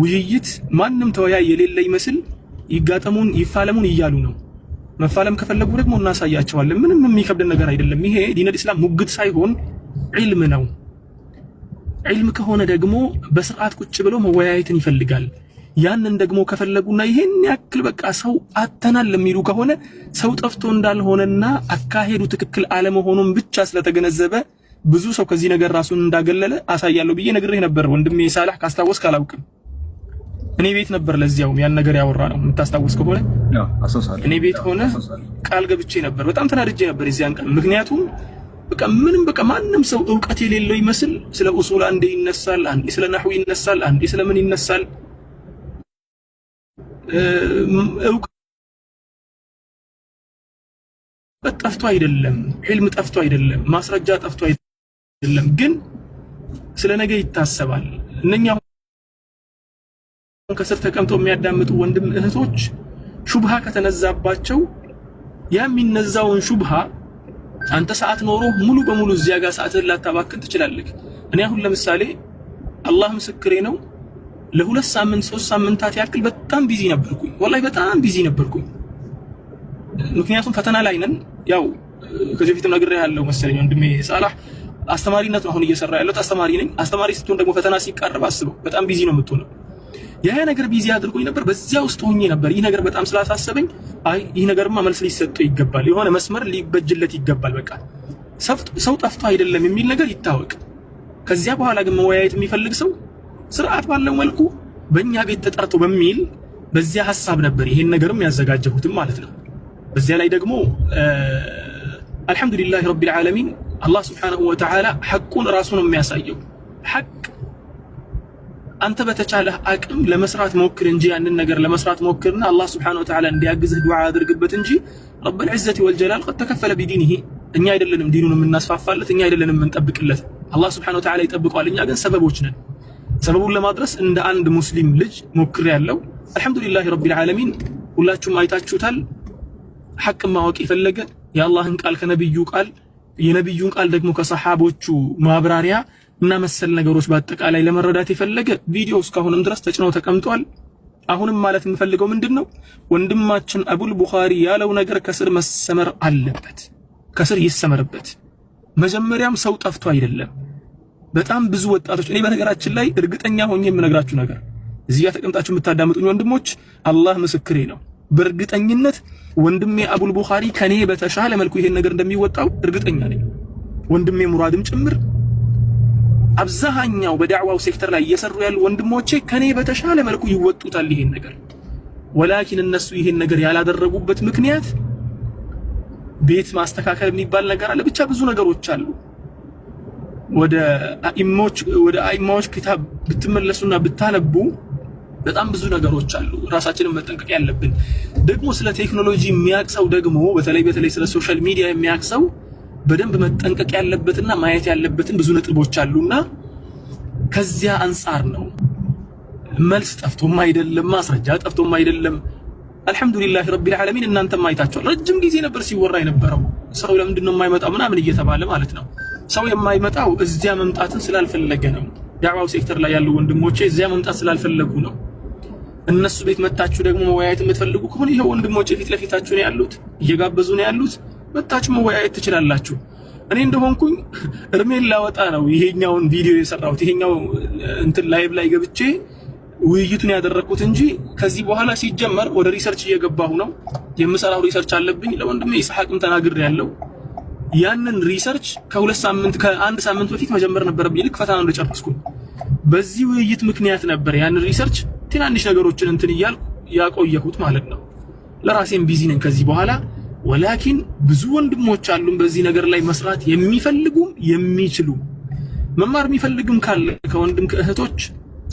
ውይይት ማንም ተወያይ የሌለ ይመስል ይጋጠሙን ይፋለሙን እያሉ ነው። መፋለም ከፈለጉ ደግሞ እናሳያቸዋለን። ምንም የሚከብድ ነገር አይደለም። ይሄ ዲነል ኢስላም ሙግት ሳይሆን ዒልም ነው። ዒልም ከሆነ ደግሞ በስርዓት ቁጭ ብሎ መወያየትን ይፈልጋል። ያንን ደግሞ ከፈለጉና ይሄን ያክል በቃ ሰው አተናል የሚሉ ከሆነ ሰው ጠፍቶ እንዳልሆነና አካሄዱ ትክክል አለመሆኑን ብቻ ስለተገነዘበ ብዙ ሰው ከዚህ ነገር ራሱን እንዳገለለ አሳያለሁ ብዬ ነግሬህ ነበር ወንድሜ ሳላህ ካስታወስክ አላውቅም። እኔ ቤት ነበር ለዚያውም ያን ነገር ያወራ ነው የምታስታውስ ከሆነ እኔ ቤት ሆነ ቃል ገብቼ ነበር። በጣም ተናድጄ ነበር እዚያን ቀን። ምክንያቱም በቃ ምንም በቃ ማንም ሰው እውቀት የሌለው ይመስል ስለ ኡሱል አንዴ ይነሳል፣ አንዴ ስለ ናህው ይነሳል፣ አንዴ ስለ ምን ይነሳል። እውቀት ጠፍቶ አይደለም፣ ሂልም ጠፍቶ አይደለም፣ ማስረጃ ጠፍቶ አይደለም። ግን ስለ ነገ ይታሰባል እነኛ ከስር ተቀምጠው የሚያዳምጡ ወንድም እህቶች ሹብሃ ከተነዛባቸው ያ የሚነዛውን ሹብሃ አንተ ሰዓት ኖሮ ሙሉ በሙሉ እዚያ ጋር ሰዓትን ላታባክን ትችላለህ። እኔ አሁን ለምሳሌ አላህ ምስክሬ ነው ለሁለት ሳምንት ሶስት ሳምንታት ያክል በጣም ቢዚ ነበርኩኝ። ወላሂ በጣም ቢዚ ነበርኩኝ። ምክንያቱም ፈተና ላይ ነን። ያው ከዚህ በፊትም ያለው መሰለኝ ወንድሜ ሳላህ አስተማሪነት አሁን እየሰራ ያለው አስተማሪ ነኝ። አስተማሪ ስትሆን ደግሞ ፈተና ሲቀርብ አስበው በጣም ቢዚ ነው የምትሆነው ያ ነገር ቢዚ አድርጎኝ ነበር። በዚያ ውስጥ ሆኜ ነበር። ይህ ነገር በጣም ስላሳሰበኝ አይ ይህ ነገርማ መልስ ሊሰጠው ይገባል፣ የሆነ መስመር ሊበጅለት ይገባል፣ በቃ ሰው ጠፍቶ አይደለም የሚል ነገር ይታወቅ። ከዚያ በኋላ ግን መወያየት የሚፈልግ ሰው ስርዓት ባለው መልኩ በእኛ ቤት ተጠርቶ በሚል በዚያ ሀሳብ ነበር ይሄን ነገርም ያዘጋጀሁትም ማለት ነው። በዚያ ላይ ደግሞ አልሐምዱሊላህ ረቢል ዓለሚን አላህ ስብሓነሁ ወተዓላ ሐቁን ራሱ ነው የሚያሳየው ሐቅ አንተ በተቻለህ አቅም ለመስራት ሞክር እንጂ ያንን ነገር ለመስራት ሞክርና አላህ ስብሐነሁ ወተዓላ እንዲያግዝህ ዱዓ አድርግበት እንጂ ረብል ዒዘቲ ወልጀላል ቀድ ተከፈለ ቢዲኒሂ እኛ አይደለንም ዲኑን የምናስፋፋለት እኛ አይደለንም የምንጠብቅለት አላህ ስብሐነሁ ወተዓላ ይጠብቀዋል እኛ ግን ሰበቦች ነን ሰበቡን ለማድረስ እንደ አንድ ሙስሊም ልጅ ሞክር ያለው አልሐምዱሊላህ ረቢል ዓለሚን ሁላችሁም አይታችሁታል ሐቅን ማወቅ የፈለገ የአላህን ቃል ከነቢዩ ቃል የነቢዩን ቃል ደግሞ ከሰሓቦቹ ማብራሪያ እና መሰል ነገሮች በአጠቃላይ ለመረዳት የፈለገ ቪዲዮ እስካሁንም ድረስ ተጭነው ተቀምጧል። አሁንም ማለት የምፈልገው ምንድን ነው ወንድማችን አቡል ቡኻሪ ያለው ነገር ከስር መሰመር አለበት፣ ከስር ይሰመርበት። መጀመሪያም ሰው ጠፍቶ አይደለም። በጣም ብዙ ወጣቶች እኔ በነገራችን ላይ እርግጠኛ ሆኜ የምነግራችሁ ነገር እዚህ ጋር ተቀምጣችሁ የምታዳምጡኝ ወንድሞች አላህ ምስክሬ ነው። በእርግጠኝነት ወንድሜ አቡል ቡኻሪ ከኔ በተሻለ መልኩ ይሄን ነገር እንደሚወጣው እርግጠኛ ነኝ። ወንድሜ ሙራድም ጭምር አብዛኛው በዳዕዋው ሴክተር ላይ እየሰሩ ያሉ ወንድሞቼ ከኔ በተሻለ መልኩ ይወጡታል ይሄን ነገር። ወላኪን እነሱ ይሄን ነገር ያላደረጉበት ምክንያት ቤት ማስተካከል የሚባል ነገር አለ። ብቻ ብዙ ነገሮች አሉ። ወደ አኢማዎች ወደ አኢማዎች ኪታብ ብትመለሱና ብታነቡ በጣም ብዙ ነገሮች አሉ። ራሳችንን መጠንቀቅ ያለብን ደግሞ ስለ ቴክኖሎጂ የሚያቅሰው ደግሞ በተለይ በተለይ ስለ ሶሻል ሚዲያ የሚያቅሰው በደንብ መጠንቀቅ ያለበትና ማየት ያለበትን ብዙ ነጥቦች አሉና ከዚያ አንጻር ነው መልስ ጠፍቶም አይደለም፣ ማስረጃ ጠፍቶም አይደለም። አልሐምዱሊላህ ረቢል ዓለሚን እናንተም አይታችኋል። ረጅም ጊዜ ነበር ሲወራ የነበረው ሰው ለምንድን ነው የማይመጣው ምናምን እየተባለ ማለት ነው። ሰው የማይመጣው እዚያ መምጣትን ስላልፈለገ ነው። ዳዕዋው ሴክተር ላይ ያሉ ወንድሞቼ እዚያ መምጣት ስላልፈለጉ ነው። እነሱ ቤት መታችሁ ደግሞ መወያየት የምትፈልጉ ከሆነ ይኸው ወንድሞቼ ፊት ለፊታችሁ ነው ያሉት፣ እየጋበዙ ነው ያሉት። መታችሁ መወያየት ትችላላችሁ። እኔ እንደሆንኩኝ እርሜን ላወጣ ነው ይሄኛውን ቪዲዮ የሰራሁት ይሄኛው እንትን ላይቭ ላይ ገብቼ ውይይቱን ያደረግኩት እንጂ ከዚህ በኋላ ሲጀመር ወደ ሪሰርች እየገባሁ ነው የምሰራው። ሪሰርች አለብኝ። ለወንድሜ ይስሐቅም ተናግር ያለው ያንን ሪሰርች ከሁለት ሳምንት ከአንድ ሳምንት በፊት መጀመር ነበረብኝ። ልክ ፈተና እንደጨረስኩ በዚህ ውይይት ምክንያት ነበር ያንን ሪሰርች ትናንሽ ነገሮችን እንትን እያልኩ ያቆየሁት ማለት ነው። ለራሴም ቢዚ ነኝ ከዚህ በኋላ ወላኪን ብዙ ወንድሞች አሉን በዚህ ነገር ላይ መስራት የሚፈልጉም የሚችሉ መማር የሚፈልግም ካለ ከወንድም ከእህቶች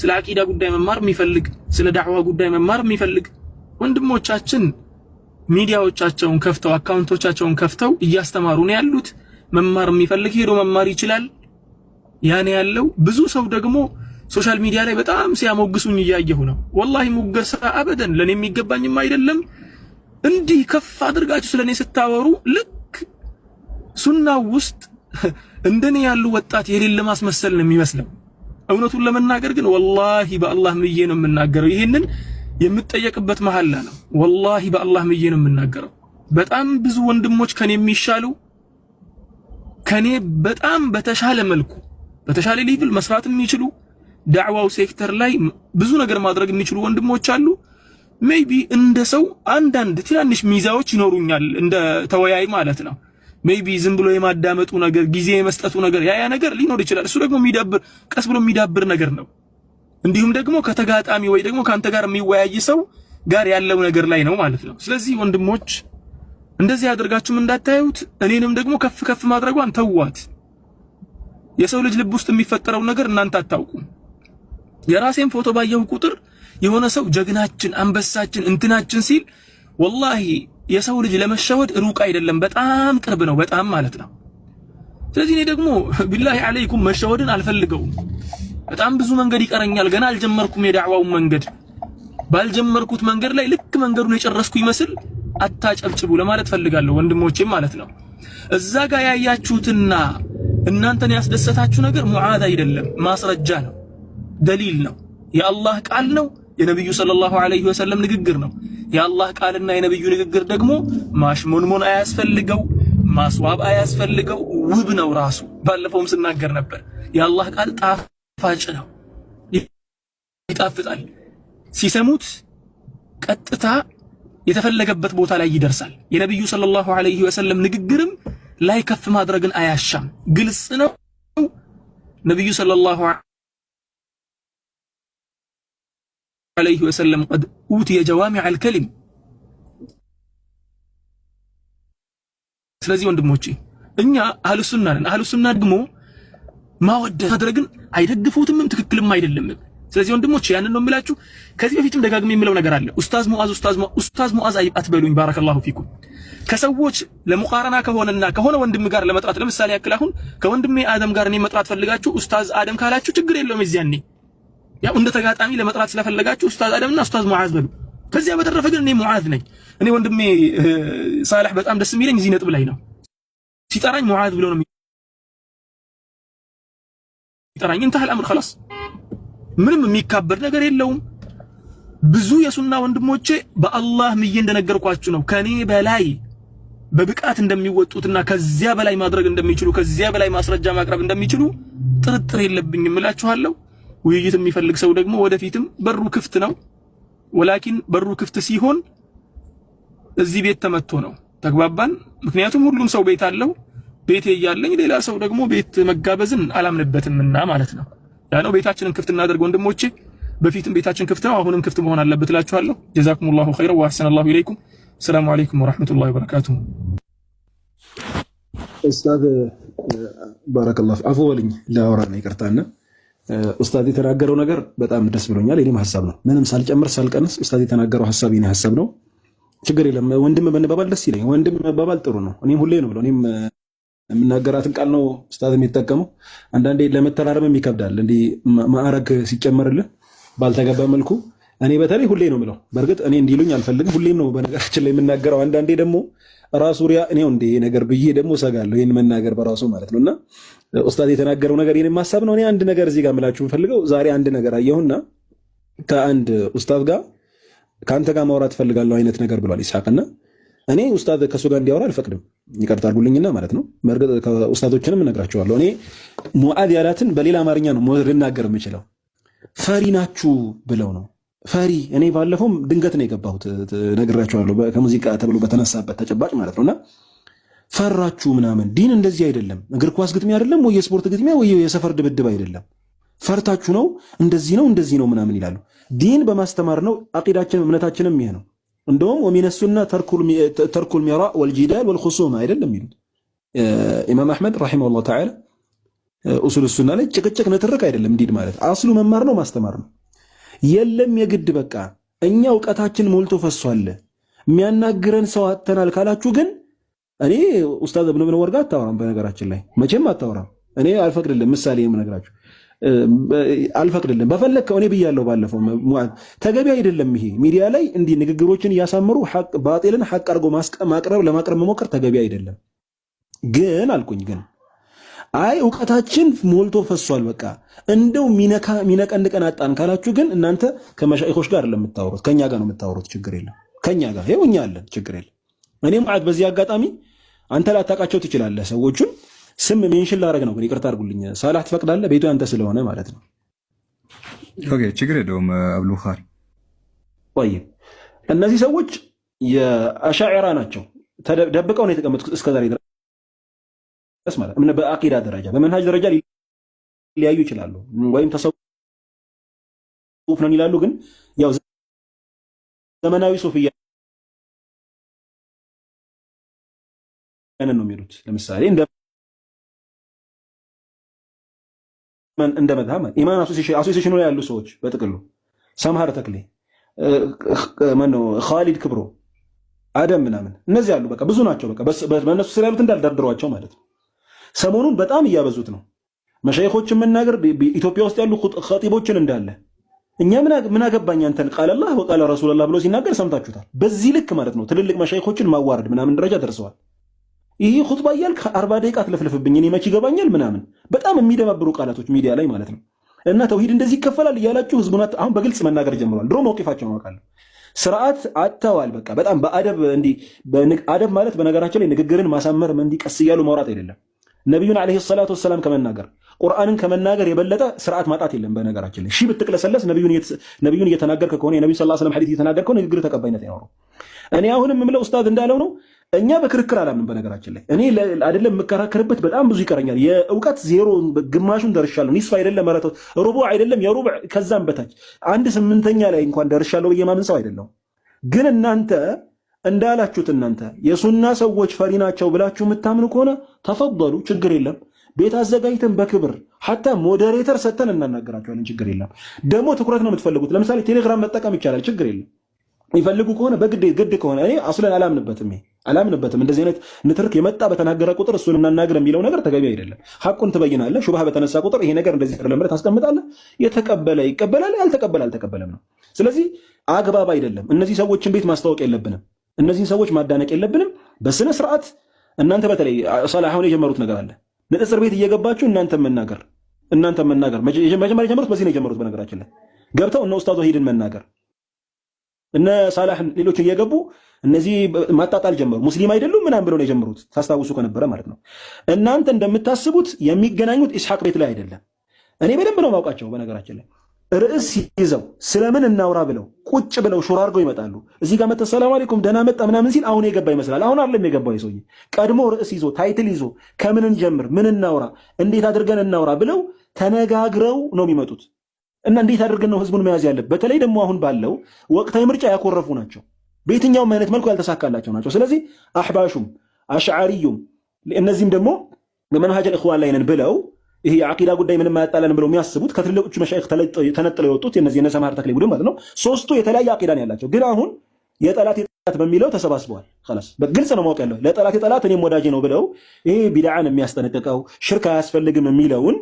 ስለ አቂዳ ጉዳይ መማር የሚፈልግ ስለ ዳዕዋ ጉዳይ መማር የሚፈልግ ወንድሞቻችን ሚዲያዎቻቸውን ከፍተው አካውንቶቻቸውን ከፍተው እያስተማሩ ነው ያሉት። መማር የሚፈልግ ሄዶ መማር ይችላል። ያኔ ያለው ብዙ ሰው ደግሞ ሶሻል ሚዲያ ላይ በጣም ሲያሞግሱኝ እያየሁ ነው። ወላሂ ሙገሳ አበደን ለኔ የሚገባኝም አይደለም እንዲህ ከፍ አድርጋችሁ ስለኔ ስታወሩ ልክ ሱናው ውስጥ እንደኔ ያሉ ወጣት የሌለ ማስመሰል ነው የሚመስለው። እውነቱን ለመናገር ግን ወላሂ በአላህ ምዬ ነው የምናገረው። ይህንን የምጠየቅበት መሐላ ነው። ወላሂ በአላህ ምዬ ነው የምናገረው። በጣም ብዙ ወንድሞች ከኔ የሚሻሉ ከኔ በጣም በተሻለ መልኩ በተሻለ ሌቭል መስራት የሚችሉ ዳዕዋው ሴክተር ላይ ብዙ ነገር ማድረግ የሚችሉ ወንድሞች አሉ። ሜይቢ እንደ ሰው አንዳንድ ትናንሽ ሚዛዎች ይኖሩኛል፣ እንደ ተወያይ ማለት ነው። ሜይቢ ዝም ብሎ የማዳመጡ ነገር፣ ጊዜ የመስጠቱ ነገር፣ ያ ያ ነገር ሊኖር ይችላል። እሱ ደግሞ የሚዳብር ቀስ ብሎ የሚዳብር ነገር ነው። እንዲሁም ደግሞ ከተጋጣሚ ወይ ደግሞ ከአንተ ጋር የሚወያይ ሰው ጋር ያለው ነገር ላይ ነው ማለት ነው። ስለዚህ ወንድሞች እንደዚህ አድርጋችሁም እንዳታዩት፣ እኔንም ደግሞ ከፍ ከፍ ማድረጓን ተዋት። የሰው ልጅ ልብ ውስጥ የሚፈጠረውን ነገር እናንተ አታውቁም። የራሴን ፎቶ ባየሁ ቁጥር የሆነ ሰው ጀግናችን፣ አንበሳችን፣ እንትናችን ሲል ወላሂ የሰው ልጅ ለመሸወድ ሩቅ አይደለም፣ በጣም ቅርብ ነው። በጣም ማለት ነው። ስለዚህ እኔ ደግሞ ቢላሂ አለይኩም መሸወድን አልፈልገውም። በጣም ብዙ መንገድ ይቀረኛል። ገና አልጀመርኩም የዳዕዋውን መንገድ። ባልጀመርኩት መንገድ ላይ ልክ መንገዱን የጨረስኩ ይመስል አታጨብጭቡ ለማለት ፈልጋለሁ፣ ወንድሞቼም ማለት ነው። እዛ ጋር ያያችሁትና እናንተን ያስደሰታችሁ ነገር ሙዓዝ አይደለም፣ ማስረጃ ነው፣ ደሊል ነው፣ የአላህ ቃል ነው። የነቢዩ ሰለላሁ ዐለይሂ ወሰለም ንግግር ነው። የአላህ ቃልና የነቢዩ ንግግር ደግሞ ማሽሞንሞን አያስፈልገው፣ ማስዋብ አያስፈልገው፣ ውብ ነው ራሱ። ባለፈውም ስናገር ነበር የአላህ ቃል ጣፋጭ ነው፣ ይጣፍጣል። ሲሰሙት ቀጥታ የተፈለገበት ቦታ ላይ ይደርሳል። የነቢዩ ሰለላሁ ዐለይሂ ወሰለም ንግግርም ላይ ከፍ ማድረግን አያሻም፣ ግልጽ ነው። ነቢዩ ሰለላሁ ዓለይሂ ወሰለም ቀድ ኡትየ ጀዋሚዕ አልከሊም። ስለዚህ ወንድሞቼ እኛ አህልሱና ነን። አህልሱና ደግሞ ማወደስ ማድረግን አይደግፉትምም ትክክልም አይደለም። ስለዚህ ወንድሞቼ ያንን ነው የምላችሁ። ከዚህ በፊትም ደጋግሜ የምለው ነገር አለ። ኡስታዝ ሙአዝ ኡስታዝ ሙአዝ ኡስታዝ ሙአዝ አትበሉኝ። ባረከላሁ ፊኩም። ከሰዎች ለሙቃረና ከሆነና ከሆነ ወንድም ጋር ለመጥራት ለምሳሌ ያክል አሁን ከወንድሜ አደም ጋር እኔ መጥራት ፈልጋችሁ ኡስታዝ አደም ካላችሁ ችግር የለውም። እዚያኔ ያው እንደ ተጋጣሚ ለመጥራት ስለፈለጋችሁ ኡስታዝ አደምና ኡስታዝ ሙዓዝ በሉ። ከዚያ በተረፈ ግን እኔ ሙዓዝ ነኝ። እኔ ወንድሜ ሳልሕ በጣም ደስ የሚለኝ እዚህ ነጥብ ላይ ነው። ሲጠራኝ ሙዓዝ ብሎ ነው የሚጠራኝ። እንተሃል አምር خلاص ምንም የሚካበድ ነገር የለውም። ብዙ የሱና ወንድሞቼ በአላህ ምዬ እንደነገርኳችሁ ነው ከኔ በላይ በብቃት እንደሚወጡትና ከዚያ በላይ ማድረግ እንደሚችሉ ከዚያ በላይ ማስረጃ ማቅረብ እንደሚችሉ ጥርጥር የለብኝም እላችኋለሁ። ውይይት የሚፈልግ ሰው ደግሞ ወደፊትም በሩ ክፍት ነው። ወላኪን በሩ ክፍት ሲሆን እዚህ ቤት ተመቶ ነው። ተግባባን። ምክንያቱም ሁሉም ሰው ቤት አለው። ቤቴ እያለኝ ሌላ ሰው ደግሞ ቤት መጋበዝን አላምንበትምና ማለት ነው። ያ ነው ቤታችንን ክፍት እናደርግ ወንድሞቼ። በፊትም ቤታችን ክፍት ነው፣ አሁንም ክፍት መሆን አለበት እላችኋለሁ። ጀዛኩሙላሁ ኸይረን ወአህሰነላሁ ኢለይኩም። ሰላም አለይኩም ወራህመቱላሂ ወበረካቱ። ኡስታዝ ባረከላሁ አፎ ወልኝ ለአውራ ነው ይቅርታና ኡስታዝ የተናገረው ነገር በጣም ደስ ብሎኛል። የኔም ሀሳብ ነው፣ ምንም ሳልጨምር ሳልቀንስ ኡስታዝ የተናገረው ሀሳብ የኔ ሀሳብ ነው። ችግር የለም። ወንድም መባባል ደስ ይለኝ። ወንድም መባባል ጥሩ ነው። እኔም ሁሌ ነው ብለው እኔም የምናገራትን ቃል ነው ኡስታዝ የሚጠቀመው። አንዳንዴ ለመተራረምም ይከብዳል። እንዲህ ማዕረግ ሲጨመርልን ባልተገባ መልኩ እኔ በተለይ ሁሌ ነው ብለው፣ በእርግጥ እኔ እንዲሉኝ አልፈልግም። ሁሌም ነው በነገራችን ላይ የምናገረው። አንዳንዴ ደግሞ ራሱ ሪያ እኔው እንደ ነገር ብዬ ደግሞ ሰጋለሁ። ይህን መናገር በራሱ ማለት ነው እና ኡስታዝ የተናገረው ነገር የኔም ማሳብ ነው። እኔ አንድ ነገር እዚህ ጋር ምላችሁ የምፈልገው ዛሬ አንድ ነገር አየሁና ከአንድ ኡስታዝ ጋር ከአንተ ጋር ማውራት እፈልጋለሁ አይነት ነገር ብሏል ይስሐቅና እኔ ኡስታዝ ከእሱ ጋር እንዲያወራ አልፈቅድም። ይቅርታ አድርጉልኝና ማለት ነው። በእርግጥ ኡስታዞችንም እነግራቸዋለሁ። እኔ ሙአዝ ያላትን በሌላ አማርኛ ነው ልናገር የምችለው። ፈሪ ናችሁ ብለው ነው ፈሪ እኔ ባለፈውም ድንገት ነው የገባሁት ነግራችኋለሁ። ከሙዚቃ ተብሎ በተነሳበት ተጨባጭ ማለት ነውና ፈራችሁ ምናምን። ዲን እንደዚህ አይደለም። እግር ኳስ ግጥሚያ አይደለም ወይ የስፖርት ግጥሚያ ወይ የሰፈር ድብድብ አይደለም። ፈርታችሁ ነው እንደዚህ ነው እንደዚህ ነው ምናምን ይላሉ። ዲን በማስተማር ነው። አቂዳችን እምነታችንም ይሄ ነው። እንደውም ወሚነሱና ተርኩል ሚራ ወልጂዳል ወልኹሱማ አይደለም ይሉት ኢማም አሕመድ ረሒመሁላህ ተዓላ ኡሱል ሱና ላይ ጭቅጭቅ፣ ንትርክ አይደለም ዲን ማለት አስሉ መማር ነው ማስተማር ነው። የለም የግድ በቃ እኛ እውቀታችን ሞልቶ ፈሷል፣ የሚያናግረን ሰው አጥተናል ካላችሁ ግን እኔ ኡስታዝ ብሎ ምን ወርጋ አታወራም። በነገራችን ላይ መቼም አታወራም። እኔ አልፈቅድልም። ምሳሌ የምነግራችሁ አልፈቅድልም። በፈለግከው እኔ ብያለሁ ባለፈው፣ ተገቢ አይደለም ይሄ ሚዲያ ላይ እንዲህ ንግግሮችን እያሳመሩ ባጤልን ሐቅ አድርጎ ማቅረብ ለማቅረብ መሞከር ተገቢ አይደለም። ግን አልኩኝ ግን አይ እውቀታችን ሞልቶ ፈሷል፣ በቃ እንደው ሚነቀንቀን አጣን ካላችሁ ግን እናንተ ከመሻይኮች ጋር አይደለም የምታወሩት፣ ከኛ ጋር ነው የምታወሩት። ችግር የለም ከኛ ጋር ይኸው እኛ አለን፣ ችግር የለም። እኔ አት በዚህ አጋጣሚ አንተ ላታውቃቸው ትችላለህ። ሰዎቹን ስም ሜንሽን ላደርግ ነው፣ ግን ይቅርታ አድርጉልኝ። ሳላህ ትፈቅዳለህ? ቤቱ ያንተ ስለሆነ ማለት ነው። ኦኬ ችግር የለውም። አብሉኻሪ ወይ እነዚህ ሰዎች የአሻዒራ ናቸው፣ ደብቀው ነው የተቀመጡት እስከዛሬ ስ ማለት እምነ በአቂዳ ደረጃ በመንሃጅ ደረጃ ሊያዩ ይችላሉ። ወይም ተሰውፍ ነን ይላሉ። ግን ያው ዘመናዊ ሱፍያ ነው የሚሉት። ለምሳሌ እንደ ማን እንደ መድሃም ኢማን አሶሲሽኑ ላይ ያሉ ሰዎች በጥቅሉ ሰምሃር ተክሌ፣ ማነው ኻሊድ ክብሮ፣ አደም ምናምን እነዚህ አሉ። በቃ ብዙ ናቸው። በቃ በእነሱ ስር ያሉት እንዳልደርድሯቸው ማለት ነው። ሰሞኑን በጣም እያበዙት ነው። መሸይኾች መናገር ኢትዮጵያ ውስጥ ያሉ ኸጢቦችን እንዳለ እኛ ምን አገባኝ አንተን ቃለላህ ወቃለ ረሱልላህ ብሎ ሲናገር ሰምታችሁታል። በዚህ ልክ ማለት ነው ትልልቅ መሸይኮችን ማዋረድ ምናምን ደረጃ ደርሰዋል። ይህ ሁጥባ እያልክ አርባ ደቂቃ ትለፍልፍብኝ እኔ መች ይገባኛል ምናምን በጣም የሚደባብሩ ቃላቶች ሚዲያ ላይ ማለት ነው። እና ተውሂድ እንደዚህ ይከፈላል እያላችሁ ህዝቡና አሁን በግልጽ መናገር ጀምሯል ድሮ መውቂፋቸውን አውቃለሁ። ስርዓት አጥተዋል። በቃ በጣም በአደብ እንዲህ አደብ ማለት በነገራችን ላይ ንግግርን ማሳመር እንዲቀስ እያሉ ማውራት አይደለም ነቢዩን ዓለይሂ ሰላቱ ወሰላም ከመናገር ቁርአንን ከመናገር የበለጠ ስርዓት ማጣት የለም። በነገራችን ላይ ሺህ ብትቅለሰለስ ነቢዩን እየተናገርከ ከሆነ የነቢዩ ሰለላሁ ዐለይሂ ወሰለም ከሆነ ንግግር ተቀባይነት አይኖረው። እኔ አሁንም የምለው ኡስታዝ እንዳለው ነው። እኛ በክርክር አላምንም። በነገራችን ላይ እኔ አይደለም የምከራከርበት በጣም ብዙ ይቀረኛል። የእውቀት ዜሮ ግማሹን ደርሻለሁ። ኒስፍ አይደለም መረተው ሩቡዕ አይደለም የሩብ ከዛም በታች አንድ ስምንተኛ ላይ እንኳን ደርሻለሁ ብዬ ማምን ሰው አይደለሁም። ግን እናንተ እንዳላችሁት እናንተ የሱና ሰዎች ፈሪ ናቸው ብላችሁ የምታምኑ ከሆነ ተፈበሉ፣ ችግር የለም። ቤት አዘጋጅተን በክብር ሐታ ሞዴሬተር ሰጥተን እናናገራቸዋለን፣ ችግር የለም። ደግሞ ትኩረት ነው የምትፈልጉት። ለምሳሌ ቴሌግራም መጠቀም ይቻላል፣ ችግር የለም። ይፈልጉ ከሆነ በግድ ከሆነ እኔ አስለን አላምንበትም አላምንበትም እንደዚህ አይነት ንትርክ የመጣ በተናገረ ቁጥር እሱን እናናግር የሚለው ነገር ተገቢ አይደለም። ሐቁን ትበይናለህ። ሹብሃ በተነሳ ቁጥር ይሄ ነገር እንደዚህ አይደለም ብለህ ታስቀምጣለህ። የተቀበለ ይቀበላል፣ ያልተቀበለ አልተቀበለም ነው። ስለዚህ አግባብ አይደለም። እነዚህ ሰዎችን ቤት ማስታወቅ የለብንም። እነዚህን ሰዎች ማዳነቅ የለብንም። በስነ ስርዓት እናንተ በተለይ ሰላ አሁን የጀመሩት ነገር አለ ንጥጽር ቤት እየገባችሁ እናንተ መናገር እናንተ መናገር መጀመሪያ የጀመሩት በዚህ ነው የጀመሩት። በነገራችን ላይ ገብተው እነ ኡስታዝ ወሂድን መናገር እነ ሳላህን ሌሎች እየገቡ እነዚህ ማጣጣል ጀመሩ። ሙስሊም አይደሉም ምናምን ብለው ነው የጀመሩት፣ ታስታውሱ ከነበረ ማለት ነው። እናንተ እንደምታስቡት የሚገናኙት ኢስሐቅ ቤት ላይ አይደለም። እኔ በደንብ ነው ማውቃቸው በነገራችን ላይ ርዕስ ይዘው ስለምን እናውራ ብለው ቁጭ ብለው ሹር አድርገው ይመጣሉ። እዚህ ጋር መጥተው ሰላም አለይኩም ደህና መጣ ምናምን ሲል አሁን የገባ ይመስላል። አሁን አይደለም የገባው ሰውዬ። ቀድሞ ርዕስ ይዞ ታይትል ይዞ ከምን እንጀምር፣ ምን እናውራ፣ እንዴት አድርገን እናውራ ብለው ተነጋግረው ነው የሚመጡት። እና እንዴት አድርገን ነው ህዝቡን መያዝ ያለብን? በተለይ ደግሞ አሁን ባለው ወቅታዊ ምርጫ ያኮረፉ ናቸው። በየትኛውም አይነት መልኩ ያልተሳካላቸው ናቸው። ስለዚህ አሕባሹም አሽዓሪዩም እነዚህም ደግሞ በመንሃጀል እኽዋን ላይ ነን ብለው ይሄ የአቂዳ ጉዳይ ምንም አያጣላንም ብለው የሚያስቡት ከትልልቆቹ መሻይኽ ተነጥለው የወጡት የነዚህ የነ ሰማር ተክሌ ቡድን ማለት ነው። ሶስቱ የተለያየ አቂዳ ነው ያላቸው። ግን አሁን የጠላት የጠላት በሚለው ተሰባስበዋል። ላስ በግልጽ ነው ማወቅ ያለው ለጠላት የጠላት እኔም ወዳጅ ነው ብለው ይሄ ቢድዓን የሚያስጠነቅቀው ሽርክ አያስፈልግም የሚለውን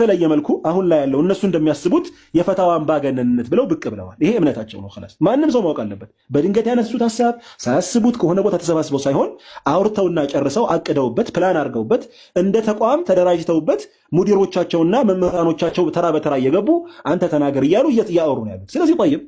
በተለየ መልኩ አሁን ላይ ያለው እነሱ እንደሚያስቡት የፈታዋ አምባገነንነት ብለው ብቅ ብለዋል። ይሄ እምነታቸው ነው። ላስ ማንም ሰው ማወቅ አለበት። በድንገት ያነሱት ሀሳብ ሳያስቡት ከሆነ ቦታ ተሰባስበው ሳይሆን አውርተውና ጨርሰው አቅደውበት ፕላን አድርገውበት እንደ ተቋም ተደራጅተውበት ሙዲሮቻቸውና መምህራኖቻቸው ተራ በተራ እየገቡ አንተ ተናገር እያሉ እያወሩ ነው ያሉት። ስለዚህ ጠይብ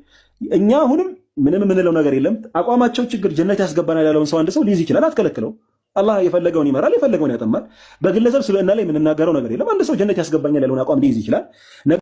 እኛ አሁንም ምንም የምንለው ነገር የለም። አቋማቸው ችግር ጀነት ያስገባናል ያለውን ሰው አንድ ሰው ሊይዝ ይችላል። አትከለክለው። አላህ የፈለገውን ይመራል፣ የፈለገውን ያጠማል። በግለሰብ ስብዕና ላይ የምንናገረው ነገር የለም። አንድ ሰው ጀነት ያስገባኛል ያለውን አቋም ሊይዝ ይችላል።